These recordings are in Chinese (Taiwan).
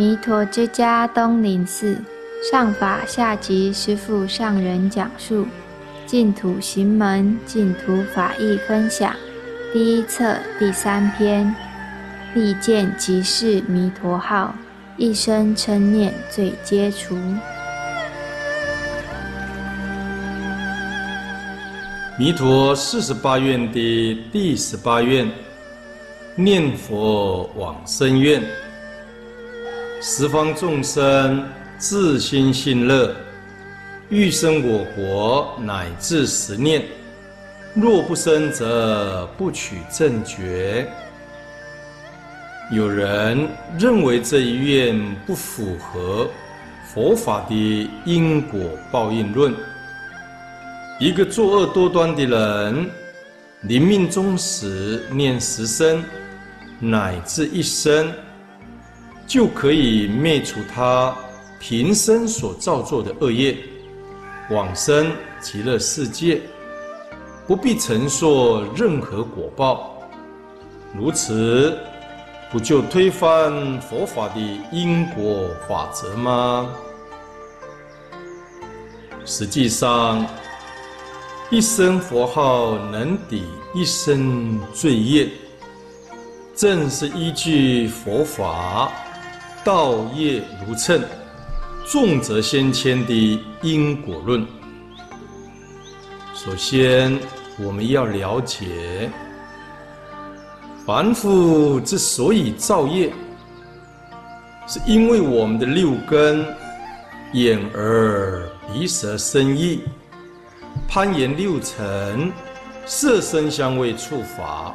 彌陀之家東林寺上法下寂師父上人講述淨土行門淨土法義分享第一冊第三篇利劍即是彌陀號一聲稱念罪皆除彌陀四十八願的第十八願，念佛往生願。十方眾生至心信，信樂，欲生我國，乃至十念；若不生，則不取正覺。有人認為這一願不符合佛法的因果報應論。一個作惡多端的人，臨命終時念十聲，乃至一聲。就可以滅除他平生所造作的惡業，往生極樂世界，不必承受任何果報。如此，不就推翻佛法的因果法則嗎？實際上，一聲佛號能抵一生罪業，正是依據佛法。道業如秤，重則先牽的因果論。首先，我們要了解凡夫之所以造業，是因為我們的六根，眼耳鼻舌身意攀緣六塵，色聲香味觸法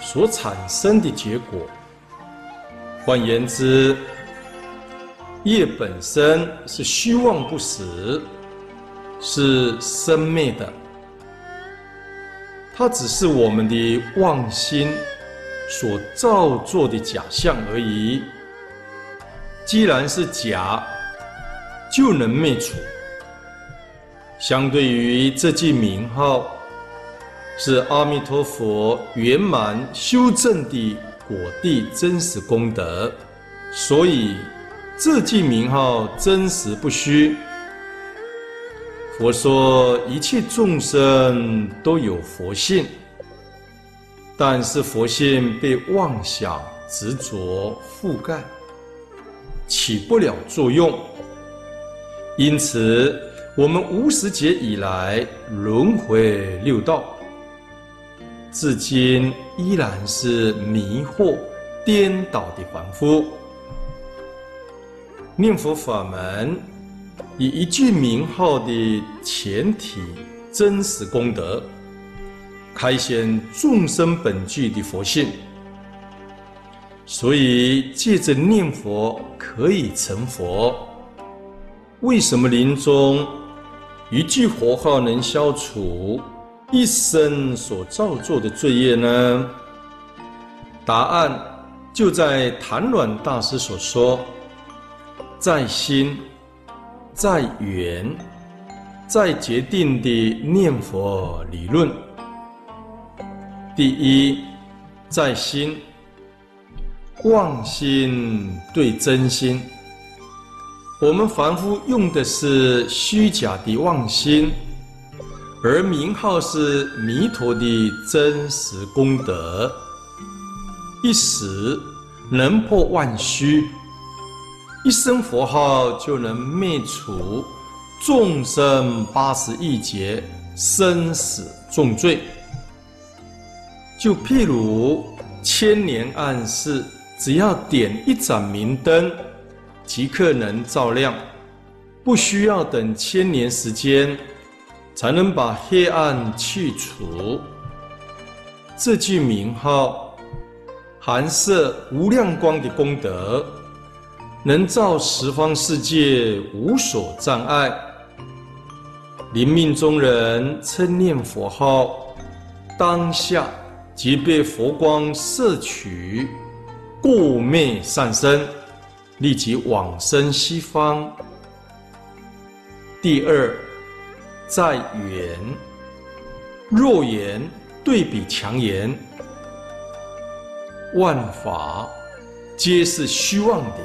所產生的結果。換言之，業本身是虛妄不實，是生滅的。它只是我們的妄心所造作的假象而已。既然是假，就能滅除。相對於這句名號，是阿彌陀佛圓滿修正的。我地真實功德，所以這句名號真實不虛。佛說一切眾生都有佛性，但是佛性被妄想執着覆蓋，起不了作用。因此，我們無始劫以來輪迴六道。至今依然是迷惑顛倒的凡夫。念佛法門以一句名號的前提真實功德，開顯眾生本具的佛性，所以借着念佛可以成佛。為什麼臨終一句佛號能消除？一生所造作的罪業呢？答案就在曇鸞大師所說，在心、在緣、在決定的念佛理論。第一，在心，妄心對真心，我們凡夫用的是虛假的妄心。而名號是彌陀的真實功德，一時能破萬虛，一生佛號就能滅除眾生八十一劫生死重罪。就譬如千年暗示，只要點一盞明燈，即刻能照亮，不需要等千年時間。才能把黑暗去除。這句名號含攝無量光的功德，能照十方世界無所障礙。臨命終人稱念佛號，當下即被佛光攝取，故滅善身，立即往生西方。第二。在緣，弱緣對比強緣，萬法皆是虛妄的，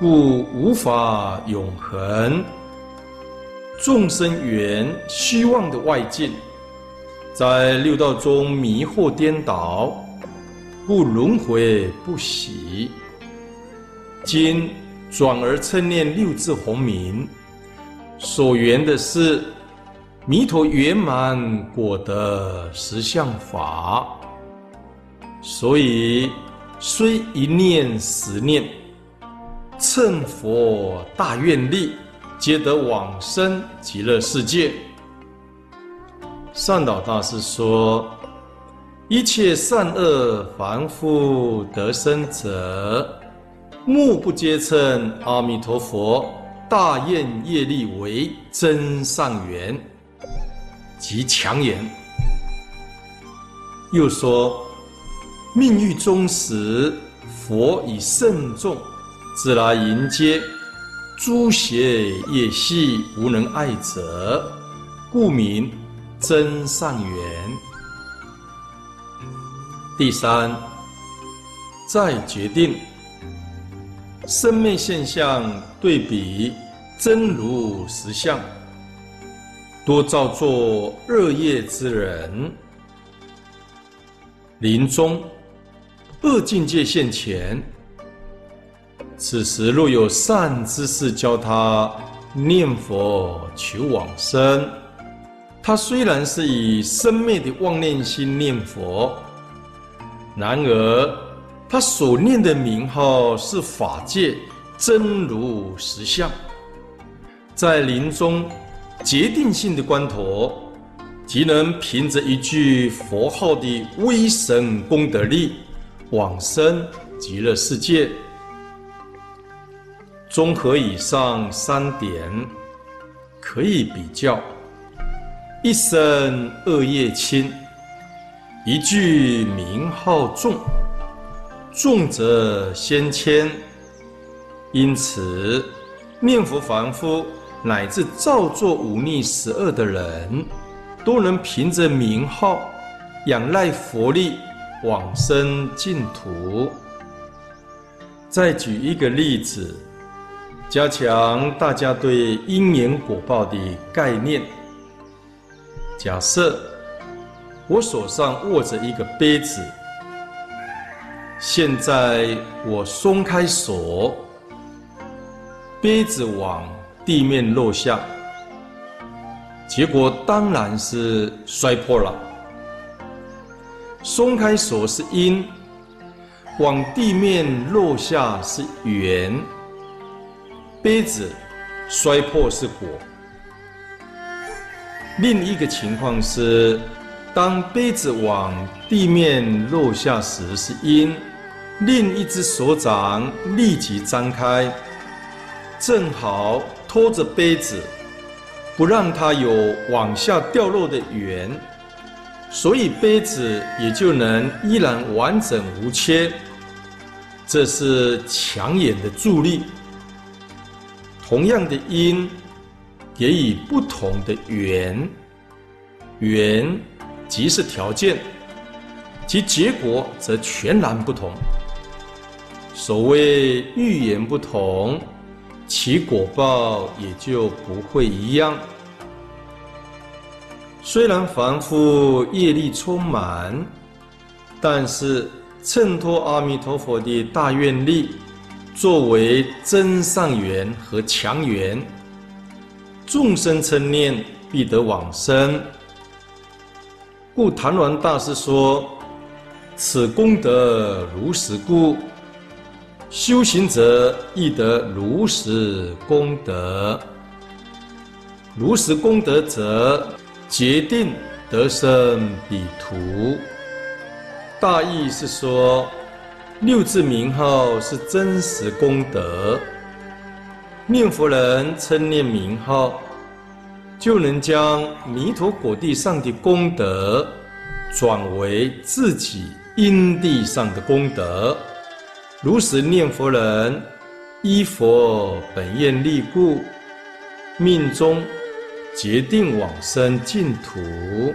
故無法永恆。眾生緣虛妄的外境，在六道中迷惑顛倒，故輪回不息。今轉而稱念六字洪名。所緣的是彌陀圓滿果的實相法，所以雖一念十念，乘佛大願力，皆得往生極樂世界。善導大師說：一切善惡凡夫得生者，目不皆稱阿彌陀佛。大願業力為增上緣，即強緣。又說，命欲終時，佛與聖眾自來迎接，諸邪業繫無能礙者，故名增上緣。第三，再決定。生滅現象對比真如實相，多造作惡業之人，臨終惡境界現前，此時若有善知識教他念佛求往生，他雖然是以生滅的妄念心念佛，然而。他所念的名號是法界真如實相，在臨終決定性的關頭，即能憑着一句佛號的威神功德力往生極樂世界。綜合以上三點，可以比較：一生惡業輕，一句名號重。重者先牽，因此念佛凡夫乃至造作五逆十惡的人，都能憑着名號仰賴佛力往生淨土。再舉一個例子，加強大家對因緣果報的概念。假設我手上握着一個杯子。現在我鬆開手，杯子往地面落下，結果當然是摔破了。鬆開手是因，往地面落下是緣，杯子摔破是果。另一個情況是，當杯子往地面落下時是因。另一隻手掌立即張開，正好托着杯子，不讓它有往下掉落的緣，所以杯子也就能依然完整無缺。這是強緣的助力。同樣的因，給予不同的緣，緣即是條件，其結果則全然不同。所謂欲言不同，其果報也就不會一樣。雖然凡夫業力充滿，但是襯托阿彌陀佛的大願力，作為增上緣和強緣，眾生稱念必得往生。故曇鸞大師說：“此功德如實故。”修行者亦得如實功德，如實功德者，決定得生彼土。大意是說，六字名號是真實功德，念佛人稱念名號，就能將彌陀果地上的功德，轉為自己因地上的功德。如是念佛人，依佛本願力故，命終決定往生淨土。